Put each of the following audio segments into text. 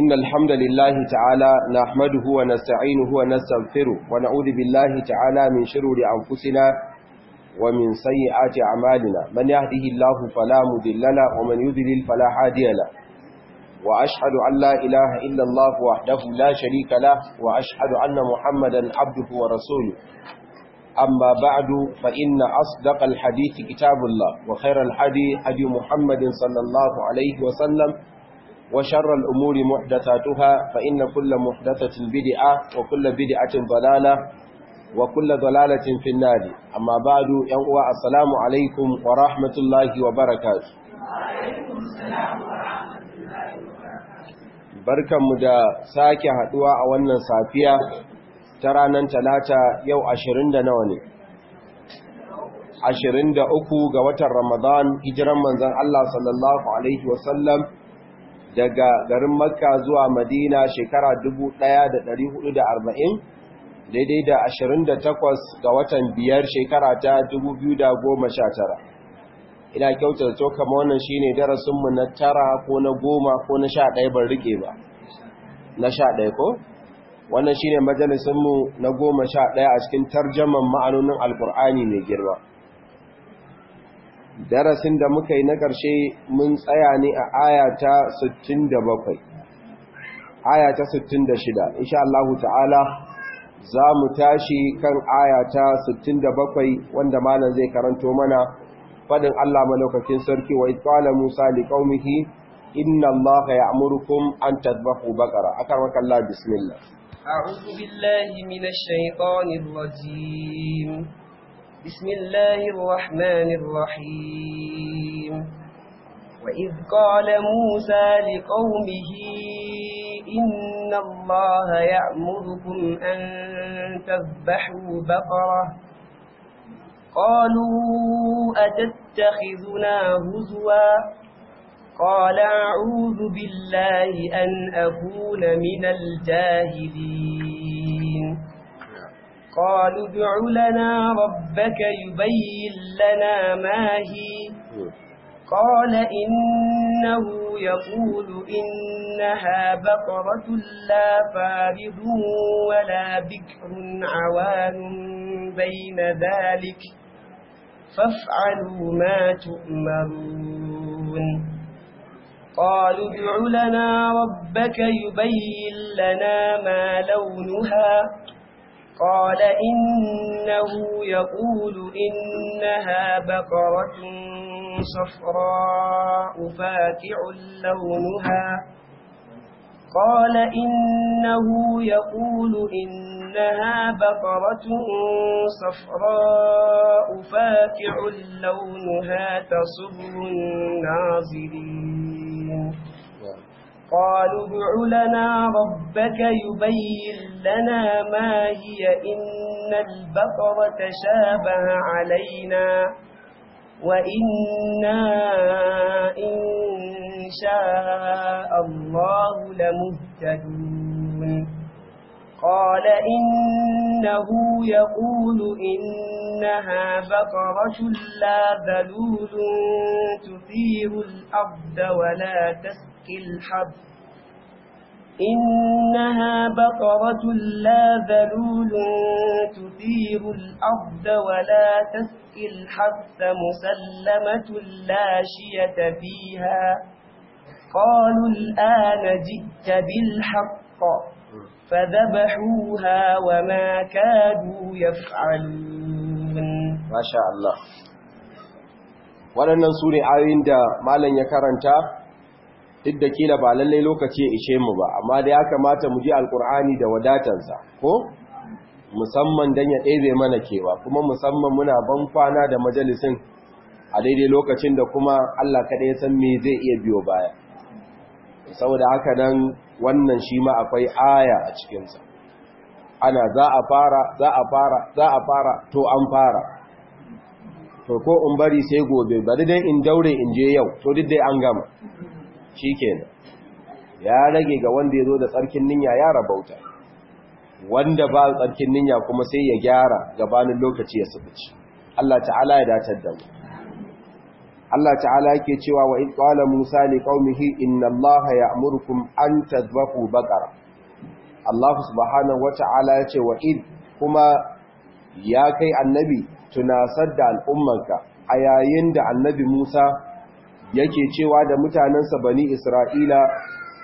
إن الحمد لله تعالى نحمده ونستعينه ونستغفره ونعوذ بالله تعالى من شرور أنفسنا ومن سيئات أعمالنا من يهده الله فلا مذل له ومن يذلل فلا هادي له وأشهد أن لا إله إلا الله وحده لا شريك له وأشهد أن محمدا عبده ورسوله أما بعد فإن أصدق الحديث كتاب الله وخير الحديث حديث محمد صلى الله عليه وسلم وشر الأمور محدثاتها فإن كل محدثة بدعة وكل بدعة ضلالة وكل ضلالة في النار 'yan uwa, 'Asalamu السلام wa rahmatullahi wa وبركاته Barkanmu da sake haɗuwa a wannan safiya ta ranar talata yau ashirin da nawa ne, ashirin da uku ga watan Ramadan, hijiran Manzon Allah sallallahu daga garin makka zuwa madina shekara 1440 daidai da ashirin da 28 ga watan biyar shekara ta 2019 ina da to ma wannan ne darasinmu na tara ko na goma ko na sha ɗaya ban rike ba na sha ɗaya ko wannan shi ne majalisinmu na goma sha ɗaya a cikin tarjaman ma'anonin alkur'ani mai girma darasin da muka yi na ƙarshe mun tsaya ne a ayata 67 ayata 66 insha Allah ta'ala za mu tashi kan ayata 67 wanda malam zai karanto mana fadin Allah malaukakin sarki wa itqala Musa liqaumihi inna Allah ya'murukum an tadbahu baqara akar maka Allah bismillah a'udhu billahi minash shaitanir rajim بسم الله الرحمن الرحيم وإذ قال موسى لقومه إن الله يأمركم أن تذبحوا بقرة قالوا أتتخذنا هزوا قال أعوذ بالله أن أكون من الجاهلين قالوا ادع لنا ربك يبين لنا ما هي قال إنه يقول إنها بقرة لا فارض ولا بكر عوان بين ذلك فافعلوا ما تؤمرون قالوا ادع لنا ربك يبين لنا ما لونها قال إنه يقول إنها بقرة صفراء فاتع لونها قال إنه يقول إنها بقرة صفراء فاتع لونها تصب الناظرين قالوا ادع لنا ربك يبين لنا ما هي إن البقر تشابه علينا وإنا إن شاء الله لمهتدون قال إنه يقول إنها بقرة لا ذلول تثير الأرض ولا تسقى الحب إنها بقرة لا ذلول تثير الأرض ولا تسقي الحبث مسلمة لا شية فيها قالوا الآن جئت بالحق فذبحوها وما كادوا يفعلون ما شاء الله ولن ننصر عين دا مالا يكرن ya duk da kila ba lallai lokaci ya ishe mu ba amma da ya kamata mu ji alkur'ani da wadatarsa ko musamman dan ya ɗebe mana kewa kuma musamman muna ban kwana da majalisin a daidai lokacin da kuma Allah kada ya san me zai iya biyo baya saboda haka nan wannan shi ma akwai aya a cikinsa ana za a fara za a fara za a fara to an fara to ko in bari sai gobe bari dai in daure in je yau to duk dai an gama shikenan ya rage ga wanda ya zo da tsarkin ninya ya rabauta wanda ba tsarkin ninya kuma sai ya gyara gabanin lokaci ya sufuci Allah ta'ala ya datar da mu Allah ta'ala yake cewa wa in qala Musa li qaumihi inna Allah ya'murukum an tadhbahu baqara Allah subhanahu wa ya ce wa in kuma ya kai annabi tunasar da al'ummarka a yayin da annabi Musa yake cewa da mutanensa bani Isra'ila,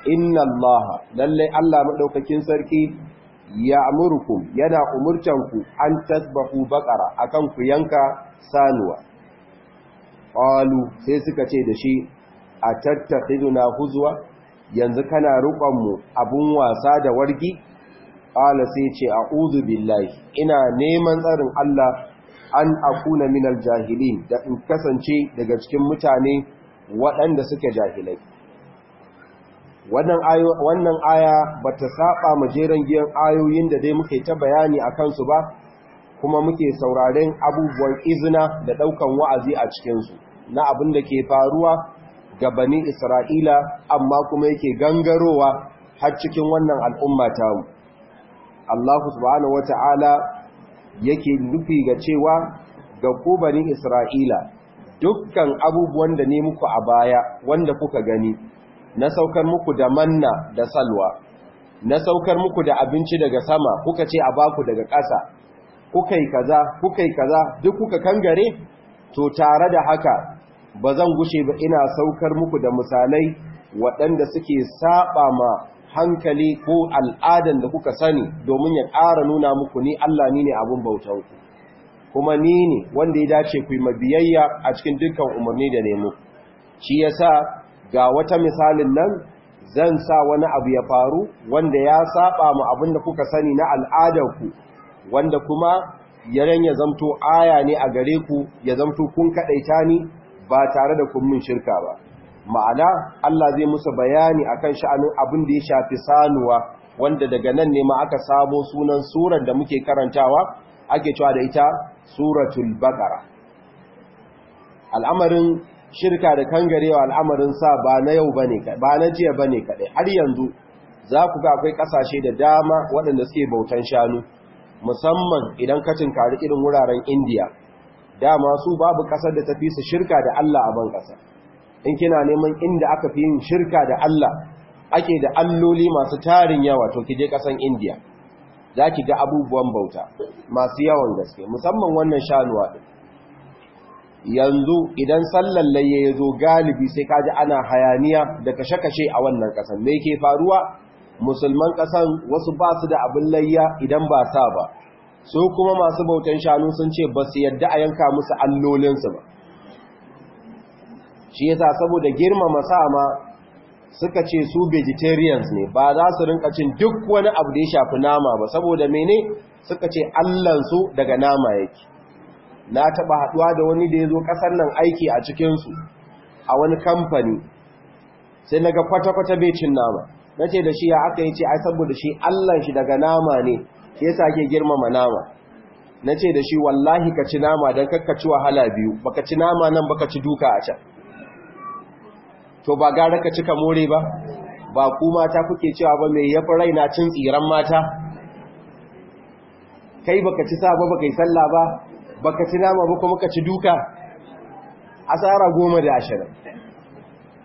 Inna Allah, lallai Allah maɗaukakin sarki, ya amurku yana umurtanku an tasbahu bakara, akan ku yanka sanuwa. Ƙwalu sai suka ce da shi, a tattakidu na huzuwa, yanzu kana rukonmu abun wasa da wargi? Ƙwala sai ce, a uzu billahi, ina neman tsarin Allah an akuna minal jahilin da in kasance daga cikin mutane waɗanda suke jahilai wannan aya ba ta saba majeren giyan ayoyin da dai muke ta bayani a kansu ba kuma muke sauraren abubuwan izina da ɗaukan wa'azi a cikinsu na abin da ke faruwa ga bani isra'ila amma kuma yake gangarowa har cikin wannan al'umma mu. Allah subhanahu wata'ala yake nufi ga cewa ga ku bani isra'ila dukkan abubuwan da ne muku a baya wanda kuka gani na saukar muku da manna da salwa na saukar muku da abinci daga sama kuka ce a baku daga ƙasa kuka yi kaza kuka yi kaza duk kuka kangare to tare da haka ba zan gushe ba ina saukar muku da misalai waɗanda suke saba ma hankali ko al'adan da kuka sani domin ya ƙara nuna muku ni Allah ni ne abin bautanku kuma ni ne wanda ya dace ku yi mabiyayya a cikin dukkan umarni da nemo shi yasa ga wata misalin nan zan sa wani abu ya faru wanda ya saba mu abin da kuka sani na al'adar ku wanda kuma yaren ya zamto aya ne a gare ku ya zamto kun kadaita ni ba tare da kun min shirka ba ma'ana Allah zai musu bayani akan sha'anin abin da ya shafi sanuwa wanda daga nan ne ma aka sabo sunan surar da muke karantawa ake cewa da ita suratul baqara al'amarin shirka da kangarewa al'amarin sa ba na yau bane ba na jiya bane kadai har yanzu za ku ga akwai kasashe da dama waɗanda suke bautan shanu musamman idan ka tinkari irin wuraren indiya dama su babu ƙasar da tafi su shirka da allah a ban kasa in kina neman inda aka fi yin shirka da allah ake da alloli masu tarin yawa to kije ƙasan indiya za ki ga abubuwan bauta masu yawan gaske musamman wannan shanuwa ɗin yanzu idan sallan laye ya zo galibi sai kaji ana hayaniya da kashe-kashe a wannan ƙasan me ke faruwa musulman ƙasan wasu ba su da abin layya idan ba sa ba su kuma masu bautan shanu sun ce ba su yadda a yanka musu allolinsu ba shi yasa saboda girmama sa ma. suka ce su vegetarians ne ba za su rinka cin duk wani abu da ya shafi nama ba saboda mene suka ce allansu daga nama yake na taba haɗuwa da wani da ya zo kasar nan aiki a cikinsu a wani kamfani sai na kwata-kwata bai cin nama na ce da shi ya aka yi ce ai saboda shi allan shi daga nama ne ke sa ke girmama nama na ce da shi wallahi ka ci nama don kakka ci wahala biyu baka ci nama nan baka ci duka a can to ba gara ka cika more ba ba ku mata kuke cewa ba mai yafi na cin tsiran mata kai baka ci sa ba baka yi sallah ba baka ci nama ba kuma ka ci duka asara goma da ashirin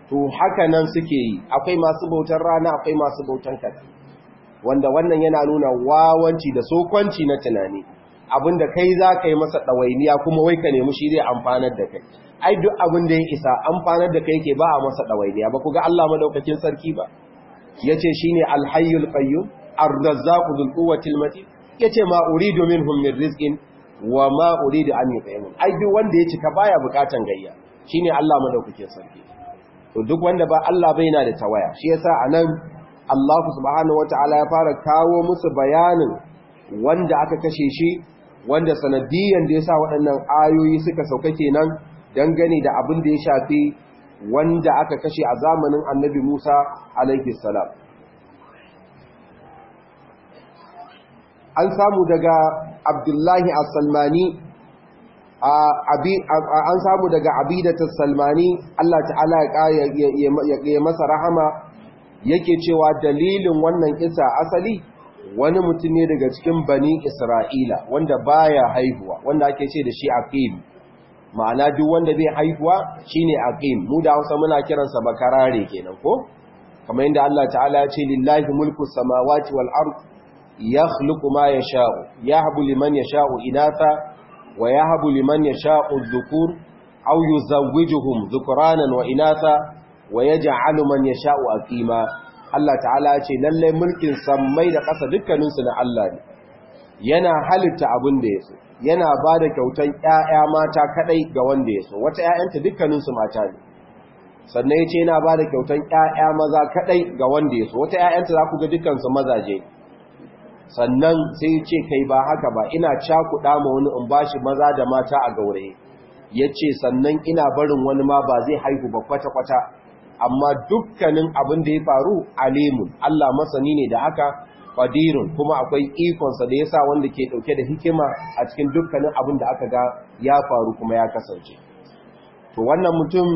to haka nan suke yi akwai masu bautan rana akwai masu bautan kasa wanda wannan yana nuna wawanci da sokwanci na tunani abinda kai za ka yi masa ɗawainiya kuma wai ka nemi shi zai amfanar da kai ai duk abin da ya isa amfanar da kai ke ba a masa ɗawainiya ba ku ga Allah madaukakin sarki ba yace shine alhayyul qayyum ar dhul quwwatil matin yace ma uridu minhum min rizqin wa ma uridu an yutaimun ai duk wanda ya cika baya bukatan gayya shine Allah madaukakin sarki to duk wanda ba Allah bai na da tawaya shi yasa anan Allah subhanahu wataala ya fara kawo musu bayanin wanda aka kashe shi wanda sanadiyan da yasa waɗannan ayoyi suka sauka kenan dangane da abin da ya shafi wanda aka kashe a zamanin annabi Musa alaihi salam an samu daga Abdullahi as-Salmani an samu daga salmani Allah ta'ala ya masa rahama yake cewa dalilin wannan kisa asali wani mutum ne daga cikin bani Isra'ila wanda baya haihuwa wanda ake ce da shi a fili. ma'ana duk wanda zai haifuwa shine aqim mu da Hausa muna kiransa bakarare kenan ko kamar yadda Allah ta'ala ya ce lillahi mulku samawati wal ard yakhluqu ma yasha'u yahbu liman yasha'u inatha wa yahbu liman yasha'u dhukur aw yuzawwijuhum dhukranan wa inatha wa yaj'alu man yasha'u aqima Allah ta'ala ya ce lallai mulkin sammai da ƙasa dukkaninsu na Allah ne yana halitta abin da ya so yana ba da kyautan ‘ya'ya mata kaɗai ga wanda ya so, wata ‘ya'yanta dukkaninsu mata ne, sannan ya ce yana ba da kyautan ‘ya'ya maza kaɗai ga wanda ya so, wata ‘ya'yanta za ku ga dukkansu mazaje, sannan sai ce kai ba haka ba, ina cakuɗa ma wani in bashi maza da mata a gaure, ya ce sannan ina barin wani ma ba zai haihu ba kwata-kwata, amma dukkanin abin da ya faru alimun, Allah masani ne da haka, qadirun kuma akwai ikonsa sa da yasa wanda ke dauke da hikima a cikin dukkanin abin da aka ga ya faru kuma ya kasance to wannan mutum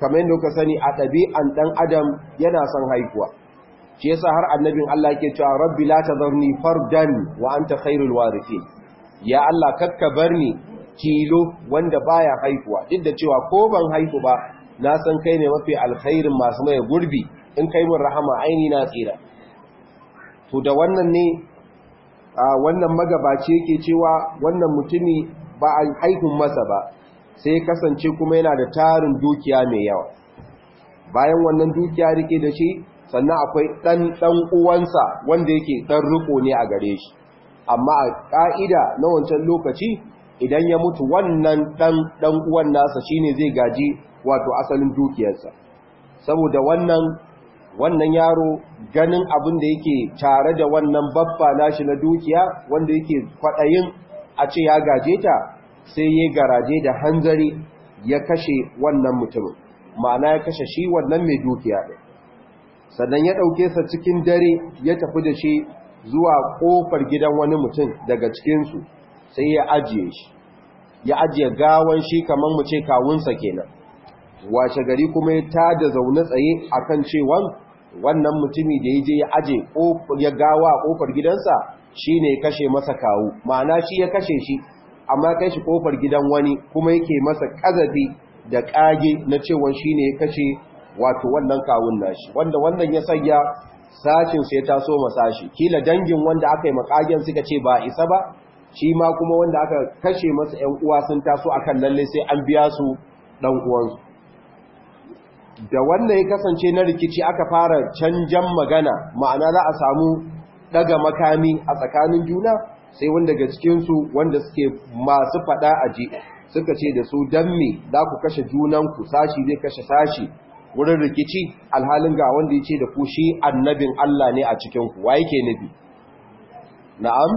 kamar yadda kuka sani a ɗabi'an ɗan adam yana son haihuwa shi yasa har annabin Allah yake cewa rabbi la tadharni fardan wa anta khairul warithin ya Allah kakka barni kilo wanda baya haihuwa duk da cewa ko ban haihu ba na san kai ne mafi alkhairin masu mai gurbi in kai mun rahama aini na tsira to da wannan ne a wannan magabaci yake cewa wannan mutumi ba a haihun masa ba sai kasance kuma yana da tarin dukiya mai yawa bayan wannan dukiya rike da shi sannan akwai ɗan ɗan uwansa wanda yake ɗan riko ne a gare shi amma a ƙa'ida na wancan lokaci idan ya mutu wannan ɗan uwan nasa shine zai gaji wato asalin dukiyarsa saboda wannan wannan yaro ganin abin da yake tare da wannan babba shi na dukiya wanda yake kwaɗayin a ce ya gaje ta sai ya garaje da hanzari ya kashe wannan mutumin ma'ana ya kashe shi wannan mai dukiya ɗin sannan ya ɗauke sa cikin dare ya tafi da shi zuwa ƙofar gidan wani mutum daga cikinsu sai ya ajiye shi ya ajiye gawan shi kamar mu ce kawunsa kenan washe gari kuma ya tada zaune tsaye a kan cewan wannan mutumi da ya je ya aje ya gawa kofar gidansa shi shine kashe masa kawu ma'ana shi ya kashe shi amma kai shi kofar gidan wani kuma yake masa kazafi da kage na cewa shi ya kashe wato wannan kawun nashi wanda wannan ya sanya sashin sai ta taso shi kila dangin wanda aka yi makagen suka ce ba isa ba shi ma kuma wanda aka kashe masa 'yan uwa sun taso akan lalle sai an biya su dan uwansu da wanda ya kasance na rikici aka fara canjan magana ma'ana za a samu daga makami a tsakanin juna sai wanda ga cikinsu wanda suke masu fada aji suka ce da su don me za ku kashe ku sashi zai kashe sashi wurin rikici alhalin ga wanda ya ce da ku shi annabin Allah ne a cikinku wa yake nabi na'am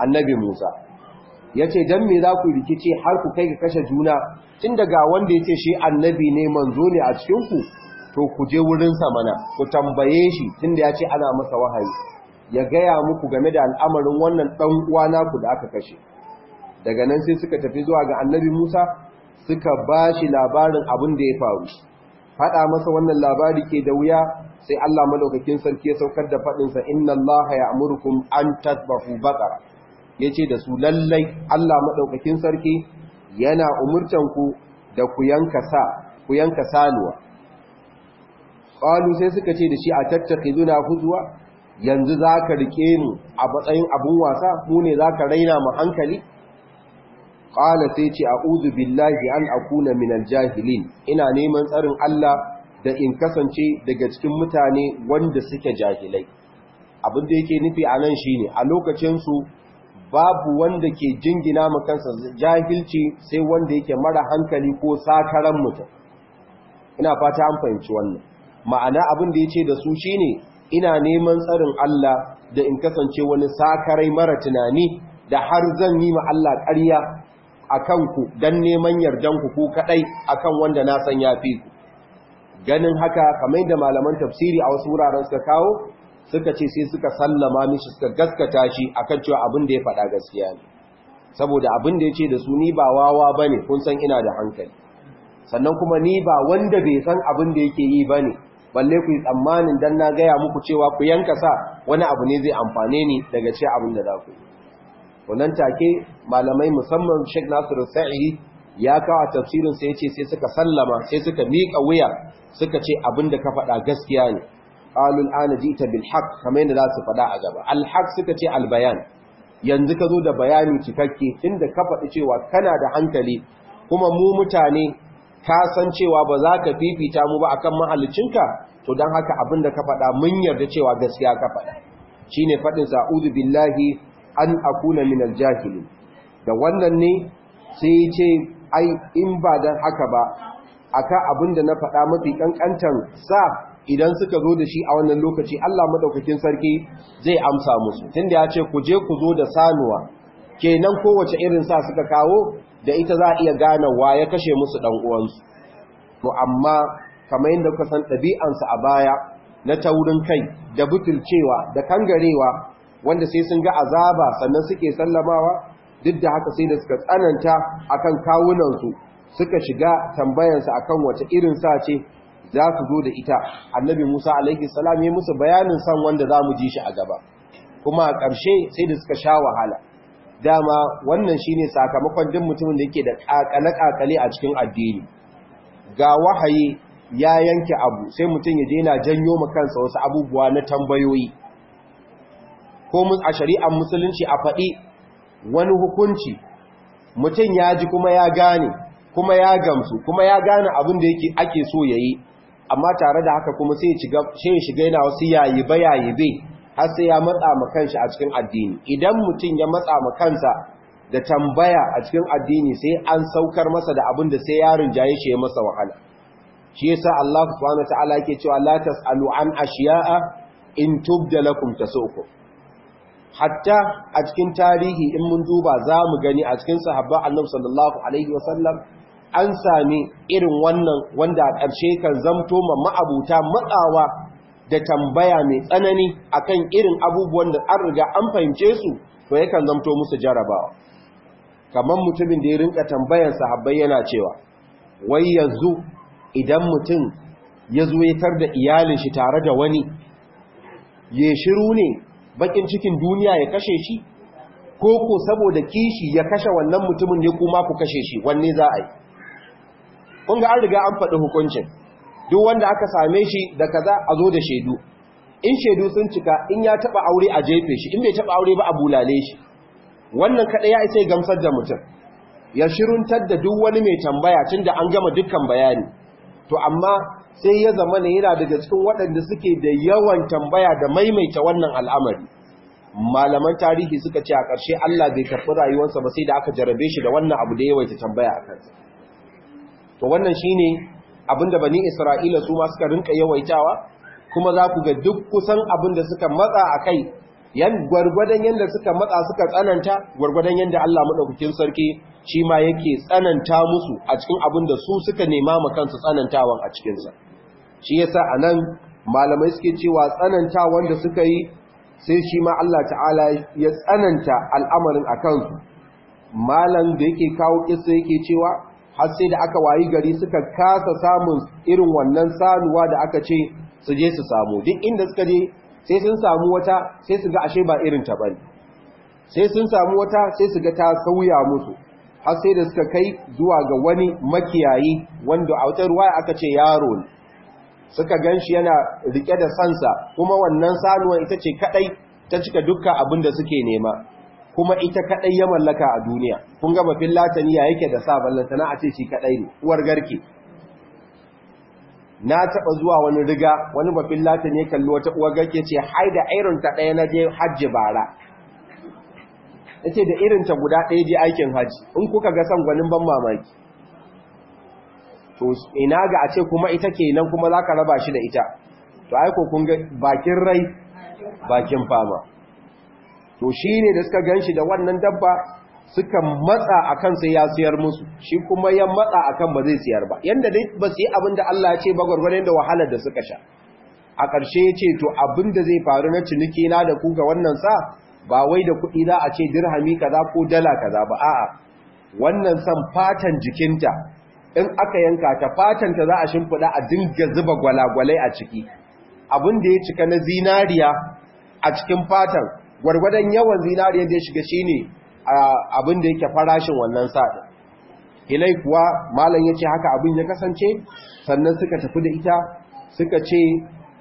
annabi Musa ya ce don me za ku rikice har ku kai ga kashe juna tun ga wanda ya ce shi annabi ne manzo ne a cikinku to ku je wurinsa mana ku tambaye shi tun da ya ce ana masa wahayi ya gaya muku game da al'amarin wannan ɗan uwana ku da aka kashe daga nan sai suka tafi zuwa ga annabi musa suka ba shi labarin abin da ya faru faɗa masa wannan labari ke da wuya sai allah madaukakin sarki ya saukar da faɗinsa inna allaha ya amurkum an tasbahu baqara ya ce da su lallai Allah maɗaukakin sarki yana umurtanku da ku yanka saluwa. ku sai suka ce da shi a tattaki zuna huzuwa yanzu za ka rike ni a matsayin abin wasa mu ne za ka raina ma hankali ƙwala sai ce a uzu billahi an akuna minal jahilin ina neman tsarin Allah da in kasance daga cikin mutane wanda suke jahilai abin da yake nufi a nan shine a lokacinsu babu wanda ke jingina mu kansa jahilci sai wanda yake mara hankali ko sakaran mutum ina fata an fahimci wannan ma'ana abin da yace da su shine ina neman tsarin Allah da in kasance wani sakarai mara tunani da har zan yi ma Allah ƙarya akan ku dan neman yardan ku ko kadai akan wanda na san yafi ganin haka kamar da malaman tafsiri a wasu wuraren suka kawo suka ce sai suka sallama mishi suka gaskata shi akan cewa abin da ya faɗa gaskiya ne saboda abin da ya ce da su ni ba wawa ba ne kun san ina da hankali sannan kuma ni ba wanda bai san abin da yake yi ba ne balle ku yi tsammanin don na gaya muku cewa ku yanka sa wani abu ne zai amfane ni daga ce abin da za ku yi wannan take malamai musamman shek nasiru sa'i ya kawo tafsirin ya ce sai suka sallama sai suka miƙa wuya suka ce abin da ka faɗa gaskiya ne qalul ana jita Bilhak, haqq kamar yadda za su faɗa a gaba al suka ce albayan. yanzu ka zo da bayani cikakke tunda ka faɗi cewa kana da hankali kuma mu mutane ka san cewa ba za ka fifita mu ba akan mahallicinka to dan haka abin da ka faɗa mun yarda cewa gaskiya ka faɗa shine faɗin sa'udu billahi an akuna min al da wannan ne sai ce ai in ba dan haka ba aka abin da na faɗa mafi kankantan sa idan suka zo da shi a wannan lokaci Allah madaukakin sarki zai amsa musu tunda ya ce ku je ku zo da sanuwa kenan kowace irin sa suka kawo da ita za a iya gane wa ya kashe musu dan uwansu to amma kamar yadda kuka san ɗabi'ansu a baya na taurin kai da butulcewa da kangarewa wanda sai sun ga azaba sannan suke sallamawa duk da haka sai da suka tsananta akan kawunansu suka shiga tambayansa akan wace irin sa ce za su zo da ita annabi Musa alaihi salam ya musu bayanin san wanda za mu ji shi a gaba kuma a ƙarshe sai da suka sha wahala dama wannan shi ne sakamakon din mutumin da yake da ƙaƙale kakale a cikin addini ga wahayi ya yanke abu sai mutum ya daina janyo ma kansa wasu abubuwa na tambayoyi ko a shari'ar musulunci a faɗi wani hukunci mutum ya ji kuma ya gane kuma ya gamsu kuma ya gane abin da yake ake so ya yi. amma tare da haka kuma sai ya shiga yana wasu yayi ba yayi be har sai ya matsa ma kanshi a cikin addini idan mutum ya matsa ma kansa da tambaya a cikin addini sai an saukar masa da abin da sai yarin jaye shi ya masa wahala shi yasa Allah subhanahu wataala yake cewa la tasalu an ashiya'a in tubda lakum hatta a cikin tarihi in mun duba za mu gani a cikin sahabba annabi sallallahu alaihi wasallam an sami irin wannan wanda a ƙarshe kan zamto ma ma'abuta matsawa da tambaya mai tsanani a kan irin abubuwan da an riga an fahimce su to yakan zamto musu jarabawa kamar mutumin da ya rinka tambayan sahabbai yana cewa wai yanzu idan mutum ya zo yatar da iyalin shi tare da wani ya shiru ne bakin cikin duniya ya kashe shi ko ko saboda kishi ya kashe wannan mutumin ne kuma ku kashe shi wanne za a yi kun ga an riga an faɗi hukuncin duk wanda aka same shi da kaza a zo da shaidu in shaidu sun cika in ya taba aure a jefe shi in bai taba aure ba a bulale shi wannan kaɗai ya isa gamsar da mutum ya shiruntar da duk wani mai tambaya tunda an gama dukkan bayani to amma sai ya zama ne yana daga cikin waɗanda suke da yawan tambaya da maimaita wannan al'amari malaman tarihi suka ce a ƙarshe Allah bai karɓi rayuwarsa ba sai da aka jarabe shi da wannan abu da yawaita tambaya a kansa to wannan shi shine abinda bani Isra'ila su ma suka rinka yawaitawa kuma za ku ga duk kusan abinda suka matsa a kai yan gwargwadon yadda suka matsa suka tsananta gwargwadon yadda Allah madaukakin sarki shi ma yake tsananta musu a cikin abinda su suka nema ma kansu tsanantawan a ya sa a nan malamai suke cewa tsananta wanda suka yi sai shi ma Allah ta'ala ya tsananta al'amarin a kansu malam da yake kawo kisa yake cewa har sai da aka wayi gari suka kasa samun irin wannan sanuwa da aka ce su je su samu duk inda suka je sai sun samu wata sai su ga ashe ba irin ta bane sai sun samu wata sai su ga ta sauya musu har sai da suka kai zuwa ga wani makiyayi wanda a wutar ruwa aka ce yaro ne suka gan shi yana rike da sansa kuma wannan sanuwa ita ce kadai ta cika dukkan abin da suke nema kuma ita kadai ya mallaka a duniya kun ga bafin latani ya yake da sa ballantana a ce shi kadai ne uwar garke na taba zuwa wani riga wani bafin latani ya kalli wata uwar garke ce hai da irin ta daya na je hajji bara yace da irin ta guda daya je aikin hajji in kuka ga san gwanin ban mamaki to ina ga a ce kuma ita ke nan kuma zaka raba shi da ita to ai ko kun ga bakin rai bakin fama to shi ne da suka gan shi da wannan dabba suka matsa a kan sai ya siyar musu shi kuma ya matsa a kan ba zai siyar ba yadda dai ba su yi abin da Allah ce ba gwargwaron da wahalar da suka sha a ƙarshe ya ce to abin da zai faru na ciniki na da kuka wannan sa ba wai da kuɗi za a ce dirhami kaza ko dala kaza ba a'a wannan san fatan jikinta in aka yanka ta fatan ta za a shimfiɗa a dinga zuba gwalagwalai a ciki abin da ya cika na zinariya a cikin fatan gwargwadon yawan zinari da ya shiga shine abin da yake farashin wannan sa'a ilai kuwa ya ce haka abin ya kasance sannan suka tafi da ita suka ce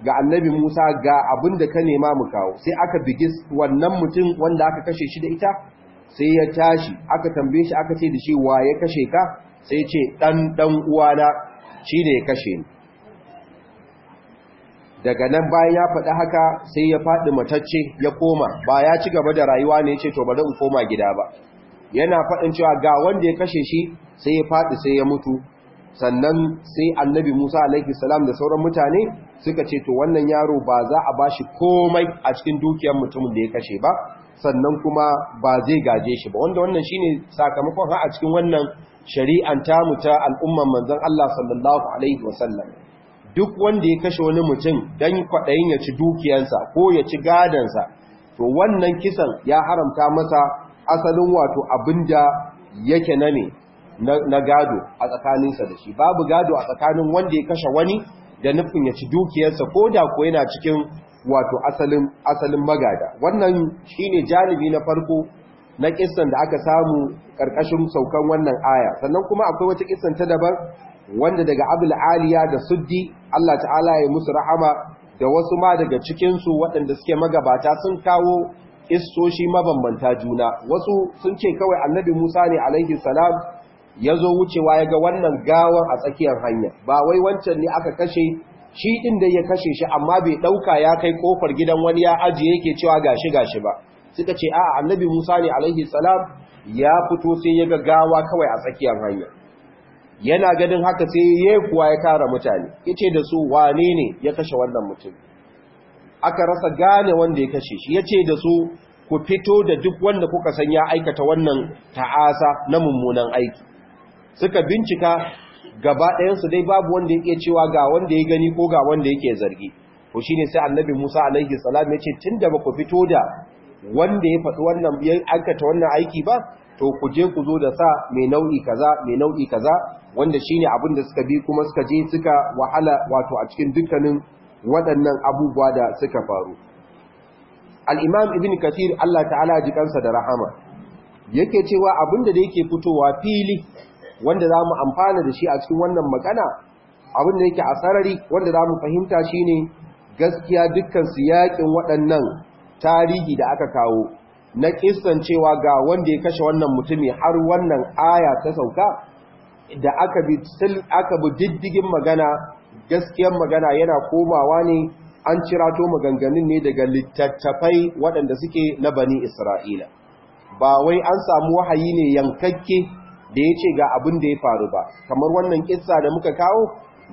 ga annabi Musa ga abin da ka nema mu kawo sai aka bigi wannan mutum wanda aka kashe shi da ita sai ya tashi aka tambaye shi aka ce da shi wa ya kashe ka sai ya ce ɗan uwana shi ne ya kashe ni daga nan bayan ya faɗi haka sai ya faɗi matacce ya koma ba ya ci gaba da rayuwa ne ce to bari in koma gida ba yana faɗin cewa ga wanda ya kashe shi sai ya faɗi sai ya mutu sannan sai annabi musa alaihi salam da sauran mutane suka ce to wannan yaro ba za a ba shi komai a cikin dukiyar mutumin da ya kashe ba sannan kuma ba zai gaje shi ba wanda wannan shine sakamakon ha a cikin wannan shari'an tamu ta al'umman manzon Allah sallallahu alaihi wasallam duk wanda ya kashe wani mutum don kwaɗayin ya ci dukiyansa ko ya ci gadansa to wannan kisan ya haramta masa asalin wato abin da yake na ne na gado a tsakaninsa da shi babu gado a tsakanin wanda ya kashe wani da nufin ya ci dukiyarsa ko da ko yana cikin wato asalin asalin magada wannan shi ne janibi na farko na kisan da aka samu ƙarƙashin saukan wannan aya sannan kuma akwai wata kisan ta daban wanda daga abul aliya da suddi Allah ta'ala ya musu rahama da wasu ma daga cikin su waɗanda suke magabata sun kawo istoshi mabambanta juna wasu sun ce kawai annabi musa ne alaihi salam ya zo wucewa ya ga wannan gawar a tsakiyar hanya ba wai wancan ne aka kashe shi din da ya kashe shi amma bai ɗauka ya kai ƙofar gidan wani ya ajiye yake cewa gashi gashi ba suka ce a'a annabi musa ne alaihi salam ya fito sai ya ga gawa kawai a tsakiyar hanya yana ganin haka sai ya kuwa ya kara mutane yace da su wane ne ya kashe wannan mutum aka rasa gane wanda ya kashe shi ce da su ku fito da duk wanda kuka san ya aikata wannan ta'asa na mummunan aiki suka bincika gaba ɗayansu dai babu wanda ya yake cewa ga wanda ya gani ko ga wanda yake zargi shi shine sai annabi Musa alaihi salam yace tunda ba ku fito da wanda ya faɗi wannan ya aikata wannan aiki ba to ku je ku zo da sa mai nau'i kaza mai nau'i kaza wanda shine abin da suka bi kuma suka je suka wahala wato a cikin dukkanin waɗannan abubuwa da suka faru al-imam ibn kathir Allah ta'ala ji kansa da rahama yake cewa abin da yake fitowa fili wanda za amfana da shi a cikin wannan magana abin da yake asarari wanda zamu fahimta shine gaskiya dukkan su yakin waɗannan tarihi da aka kawo na kistan cewa ga wanda ya kashe wannan mutumi har wannan aya ta sauka da aka bi diddigin magana gaskiyar magana yana komawa ne an cira cirato maganganun ne daga littattafai waɗanda suke na bani Isra'ila ba wai an samu wahayi ne yankakke da ya ce ga abin da ya faru ba kamar wannan kissa da muka kawo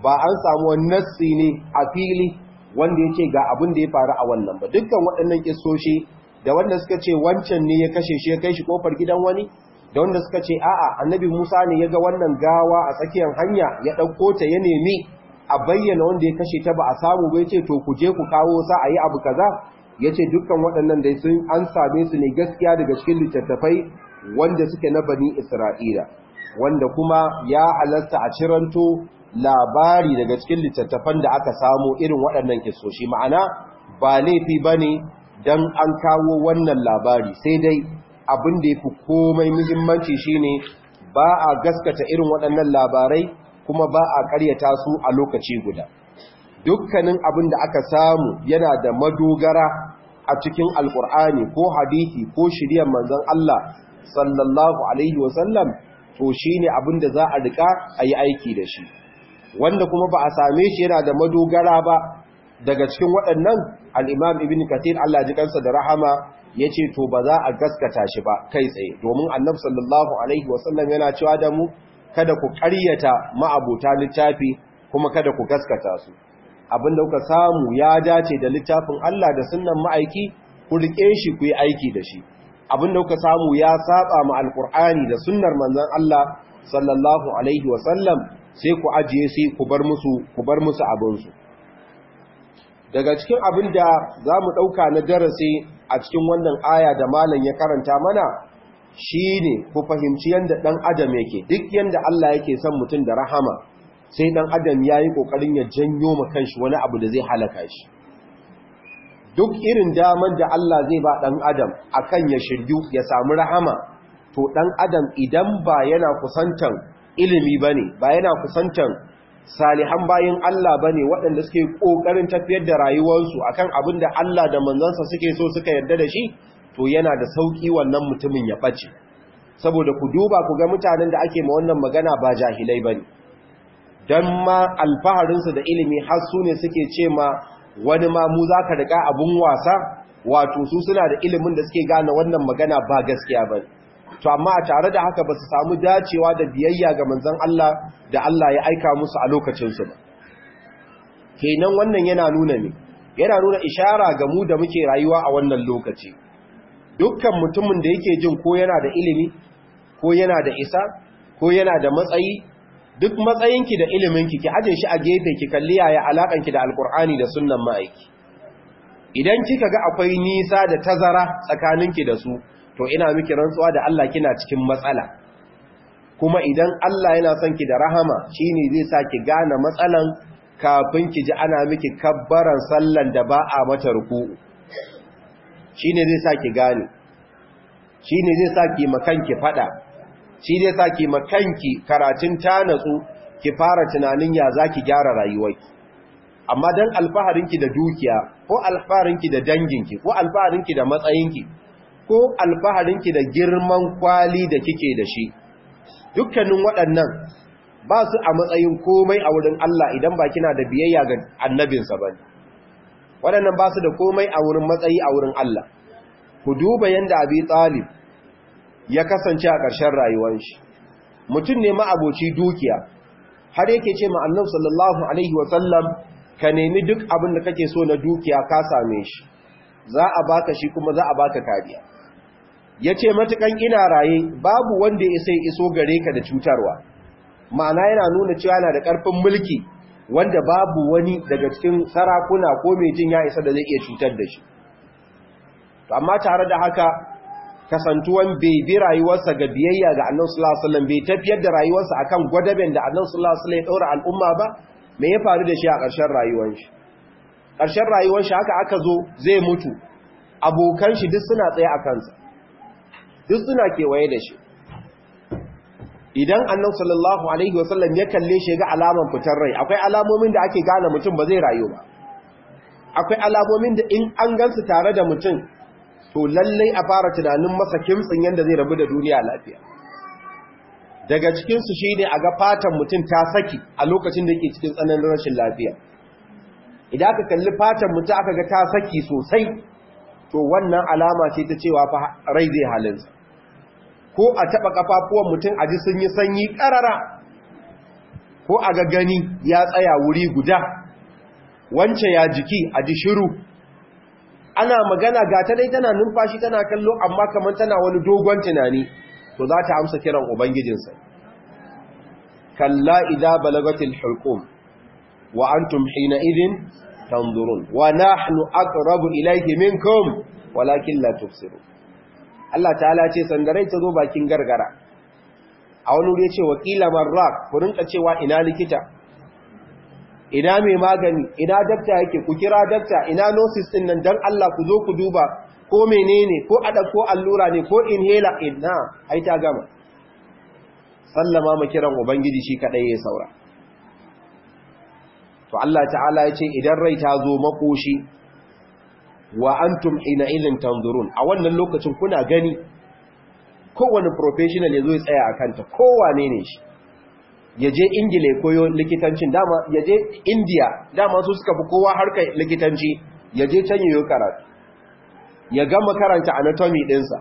ba an samu wani nassi ne a fili wanda ya ce ga abin da ya faru a wannan ba dukkan waɗannan kissoshi da wanda suka ce wancan ne ya kashe shi ya kai shi kofar gidan wani da wanda suka ce a'a annabi Musa ne ya ga wannan gawa a tsakiyar hanya ya ɗauko ta ya nemi a bayyana wanda ya kashe ta ba a samu ba ce to ku je ku kawo sa a yi abu kaza yace dukkan waɗannan dai sun an same su ne gaskiya daga cikin littattafai wanda suke na bani Isra'ila wanda kuma ya halarta a ciranto labari daga cikin littattafan da aka samu irin waɗannan kisoshi ma'ana ba laifi bane don an kawo wannan labari sai dai abin da ya fi komai muhimmanci shine ba a gaskata irin waɗannan labarai kuma ba a ƙaryata su a lokaci guda dukkanin abin da aka samu yana da madogara a cikin alkur'ani ko hadithi ko shirya manzon Allah sallallahu alaihi wasallam to shine abin da za a rika ayi aiki da shi wanda kuma ba a same shi yana da madogara ba daga cikin waɗannan al'imam ibn katir Allah ji kansa da rahama ya ce to ba za a gaskata shi ba kai tsaye domin annab sallallahu alaihi wasallam yana cewa da mu kada ku karyata ma'abuta littafi kuma kada ku gaskata su abin da kuka samu ya dace da littafin Allah da sunnan ma'aiki ku riƙe shi ku yi aiki da shi abin da kuka samu ya saba ma alƙur'ani da sunnar manzon Allah sallallahu alaihi wasallam sai ku ajiye sai ku bar musu ku bar musu abinsu daga cikin abin da za mu ɗauka na darasi a cikin wannan aya da malam ya karanta mana shi ne ku fahimci yadda ɗan adam yake duk yadda Allah yake son mutum da rahama sai ɗan adam ya yi ƙoƙarin ya janyo ma shi wani abu da zai halaka shi duk irin damar da Allah zai ba ɗan adam a kan ya shiryu ya samu rahama to ɗan adam idan ba yana kusantan ilimi ba ne ba yana kusantan salihan bayan Allah ba ne waɗanda suke ƙoƙarin tafiyar da rayuwarsu akan abin da Allah da manzansa suke so suka yarda da shi to yana da sauƙi wannan mutumin ya ɓace, saboda ku duba ku ga mutanen da ake ma wannan magana ba jahilai ba ne, don ma alfaharinsu da ilimi har su ne suke ce ma wani ma mu ka riƙa abin wasa wato su suna da ilimin da suke gane wannan magana ba gaskiya ba ne. to amma a tare da haka ba su samu dacewa da biyayya ga manzan Allah da Allah ya aika musu a lokacinsu ba kenan wannan yana nuna ne yana nuna ishara ga mu da muke rayuwa a wannan lokaci dukkan mutumin da yake jin ko yana da ilimi ko yana da isa ko yana da matsayi duk matsayinki da iliminki ki aje shi a gefe ki kalli yaya alakanki da alkur'ani da sunnan ma'aiki idan kika ga akwai nisa da tazara tsakaninki da su to ina miki rantsuwa da Allah kina cikin matsala kuma idan Allah yana son ki da rahama shine zai sa ki gane matsalan kafin ki ji ana miki kabbaran sallan da ba a mata ruku'u shine zai sa ki gane shine zai sa ki makanki fada shi zai sa ki makanki karatun ta natsu ki fara tunanin ya zaki gyara rayuwarki amma dan alfaharinki da dukiya ko alfaharinki da danginki ko alfaharinki da matsayinki ko alfaharinki da girman kwali da kike da shi dukkanin waɗannan ba su a matsayin komai a wurin Allah idan ba kina da biyayya ga annabinsa ba waɗannan ba su da komai a wurin matsayi a wurin Allah ku duba yadda abi talib ya kasance a ƙarshen rayuwar shi mutum ne ma'aboci dukiya har yake ce ma'annan sallallahu alaihi wasallam ka nemi duk abin da kake so na dukiya ka same shi za a baka shi kuma za a baka kariya ya ce matukan ina raye babu wanda ya sai iso gare ka da cutarwa ma'ana yana nuna cewa yana da ƙarfin mulki wanda babu wani daga cikin sarakuna ko mai jin ya isa da zai iya cutar da shi amma tare da haka kasantuwan bai bi rayuwarsa ga biyayya ga annan sallallahu bai tafiyar da rayuwarsa akan gwadaben da annan sallallahu ya ɗaura al'umma ba me ya faru da shi a ƙarshen rayuwar ƙarshen rayuwar shi haka aka zo zai mutu abokan shi duk suna tsaye a kansa duk suna kewaye da shi idan annan sallallahu alaihi wasallam ya kalle shi ga alaman fitar rai akwai alamomin da ake gane mutum ba zai rayu ba akwai alamomin da in an gansu tare da mutum to lallai a fara tunanin masa kimtsin yadda zai rabu da duniya lafiya daga cikinsu shi ne a ga fatan mutum ta saki a lokacin da yake cikin tsananin rashin lafiya idan aka kalli fatan mutum aka ga ta saki sosai to wannan alama ce ta cewa rai zai halinsa ko a taɓa ƙafafuwan mutum a ji sun yi sanyi ƙarara ko a ga gani ya tsaya wuri guda wance ya jiki a ji shiru ana magana ga ta dai tana numfashi tana kallo amma kamar tana wani dogon tunani to za ta amsa kiran ubangijinsa kalla idza balagatil hulqum wa antum hina idin tanzurun wa nahnu aqrabu ilayhi minkum walakin la tubsirun Allah ta'ala ce sandarai ta zo bakin gargara a wani wuri ce wakila marrak ku rinka cewa ina likita ina mai magani ina dakta yake ku kira dakta ina nosis din nan dan Allah ku zo ku duba ko menene ko ada ko allura ne ko inhaler inna ai ta gama sallama mu kiran ubangiji shi kadai ya saura to Allah ta'ala ya ce idan rai ta zo makoshi wa antum ina ilin tanzurun a wannan lokacin kuna gani kowane professional yazo ya tsaya a kanta, kowane ne shi Ya je ingila ya koyo likitancin dama yaje india dama su suka fi kowa harkar likitanci ya je can yayo karatu ya gama karanta anatomy dinsa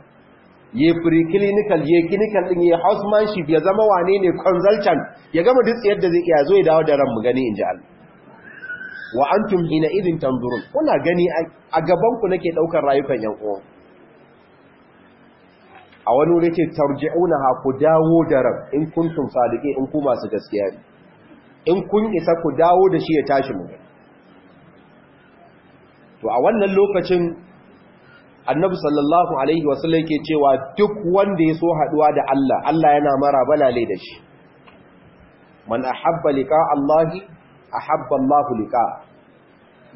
ya preclinical ya clinical din ya housemanship ya zama wane ne consultant ya gama duk yadda zai iya zo ya dawo da ran mu gani in ji Allah wa antum hina idin tanzurun kuna gani a gabanku nake daukar rayukan yan uwa? a wani wuri ce tarji'una ha ku dawo da rab in kuntum sadiqi in ku masu gaskiya ne in kun isa ku dawo da shi ya tashi mu to a wannan lokacin annabi sallallahu alaihi wasallam yake cewa duk wanda ya so haduwa da Allah Allah yana mara balale da shi man ahabba liqa Allahi ahabba Allahu liqa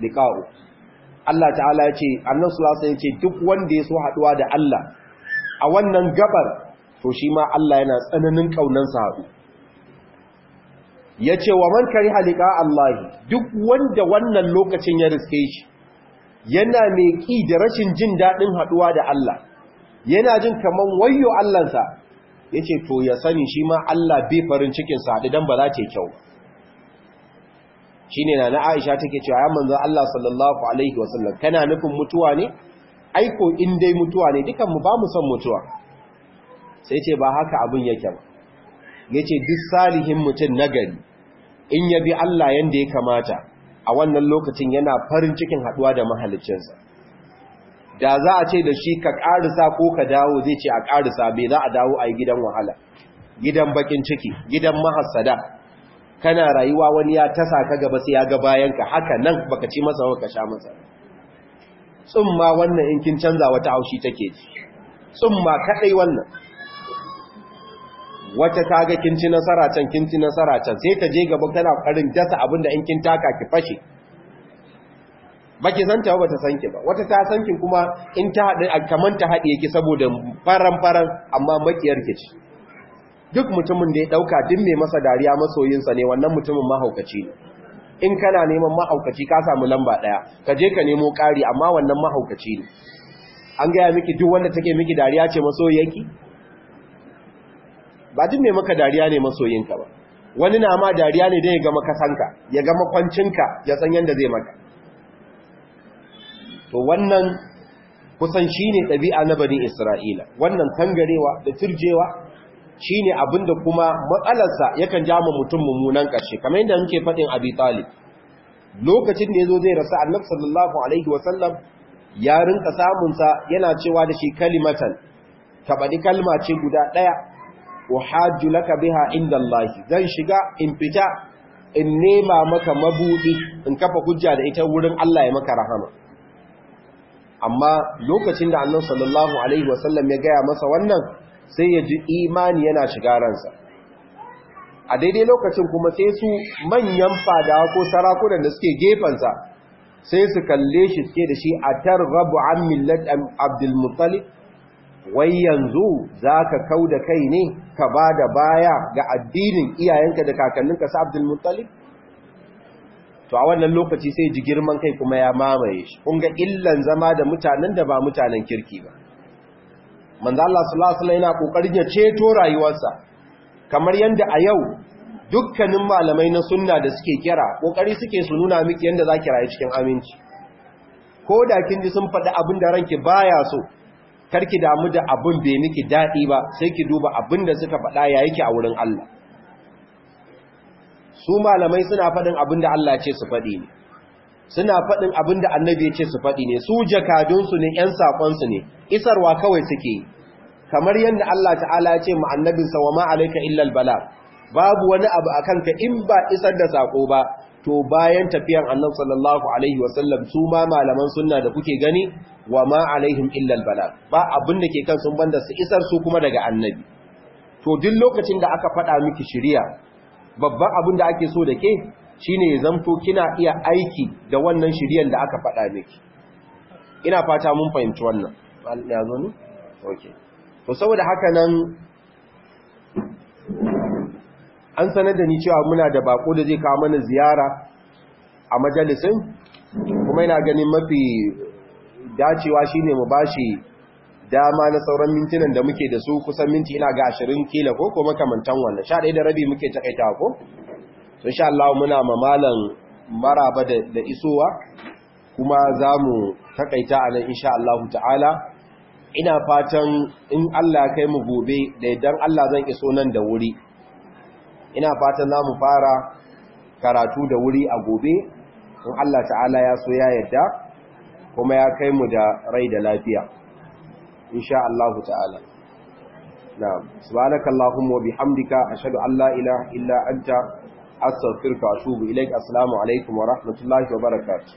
liqa'u Allah ta'ala yace annabi sallallahu alaihi yace duk wanda ya so haduwa da Allah a wannan gabar to shi ma Allah yana tsananin kaunan sa haɗu yace wa man kariha liqa Allah duk wanda wannan lokacin ya riske shi yana mai ƙi da rashin jin daɗin haɗuwa da Allah yana jin kaman wayo Allahnsa ya ce to ya sani shi ma Allah bai farin cikinsa da dan ba za ta yi kyau ne na Aisha take cewa ya manzon Allah sallallahu alaihi wasallam kana nufin mutuwa ne aiko in dai mutuwa ne dukan mu ba mu son mutuwa sai ce ba haka abin yake ba yace duk salihin mutum nagari in yabi Allah yanda ya kamata a wannan lokacin yana farin cikin haduwa da mahaliccinsa da za a ce da shi ka karisa ko ka dawo zai ce a karisa bai za a dawo a yi gidan wahala gidan bakin ciki gidan mahassada kana rayuwa wani ya tasa ka gaba sai ya ga bayanka haka nan baka ci masa baka sha masa tsumma wannan in kin canza wata haushi take ji tsumma kadai wannan wata kaga kin ci nasara can kin ci nasara can sai ta je gaba kana karin dasa abinda in kin taka ki fashe baki san ta ba ta san ki ba wata ta san ki kuma in ta hade kaman ta hade ki saboda faran faran amma makiyar ki ce duk mutumin da ya dauka duk mai masa dariya masoyinsa ne wannan mutumin mahaukaci ne in kana neman mahaukaci ka samu lamba daya ka je ka nemo kari amma wannan mahaukaci ne an gaya miki duk wanda take miki dariya ce masoyinki ba duk mai maka dariya ne masoyinka ba wani na ma dariya ne don ya gama kasanka ya gama kwancinka ya san yadda zai maka to wannan kusan shi ne ɗabi'a na bani isra'ila wannan tangarewa da turjewa Shi ne abin da kuma matsalarsa yakan ja mutum mummunan ƙarshe kamar yadda muke faɗin Abi Talib lokacin da ya zo zai rasa Annabi sallallahu alaihi wasallam ya rinka samunsa yana cewa da shi kalimatan tabadi kalma ce guda ɗaya uhajju laka biha inda Allahi. zan shiga in fita in nema maka mabuɗi, in kafa hujja da ita wurin Allah ya maka rahama amma lokacin da Annabi sallallahu alaihi wasallam ya gaya masa wannan sai ya ji imani yana shiga ransa a daidai lokacin kuma sai su manyan fadawa ko sarakunan da suke gefansa, sai su kalle shi suke da shi a tarrabu an millat abdulmutali wai yanzu za ka kau da kai ne ka ba da baya ga addinin iyayenka da kakanninka sa abdulmutali to a wannan lokaci sai ji girman kai kuma ya mamaye shi kun ga illan zama da mutanen da ba mutanen kirki ba manzo Allah sallallahu alaihi wasallam yana kokarin ya ceto rayuwarsa kamar yanda a yau dukkanin malamai na sunna da suke kira kokari suke su nuna miki yanda zaki rayu cikin aminci ko da kin ji sun faɗi abin da ranki baya so karki damu da abin bai miki daɗi ba sai ki duba abin da suka faɗa ya yake a wurin Allah su malamai suna faɗin abin da Allah ya ce su faɗi ne suna faɗin abin da annabi ya ce su faɗi ne su jakadunsu ne ‘yan saƙonsu ne isarwa kawai suke kamar yadda Allah ta'ala ya ce ma annabinsa wa ma'alaika illal bala babu wani abu a kanka in ba isar da saƙo ba to bayan tafiyan annabi sallallahu alaihi wasallam su ma malaman sunna da kuke gani wa ma'alaihim illal bala ba abin da ke kan sun banda su isar su kuma daga annabi to duk lokacin da aka faɗa miki shiriya babban abin da ake so da ke shine ya kina iya aiki da wannan shiriyar da aka faɗa miki ina fata mun fahimci wannan ya zo ne okay to saboda haka nan an sanar da ni cewa muna da bako da zai kawo mana ziyara a majalisin kuma yana ganin mafi dacewa shine mu bashi dama na sauran mintunan da muke da su kusan minti ina ga 20 kila ko kuma kamantan wannan 11 da rabi muke takaita ko insha Allah muna mamalan maraba da isowa kuma za mu takaita a nan insha Allah ta'ala ina fatan in Allah kai mu gobe da idan Allah zan iso nan da wuri ina fatan za mu fara karatu da wuri a gobe in Allah ta'ala ya so ya yadda kuma ya kai mu da rai da lafiya insha Allah ta'ala na'am subhanakallahumma wa bihamdika ashhadu an la ilaha illa anta astaghfiruka wa atubu ilai assalamu alaikum wa rahmatullahi wa barakatuh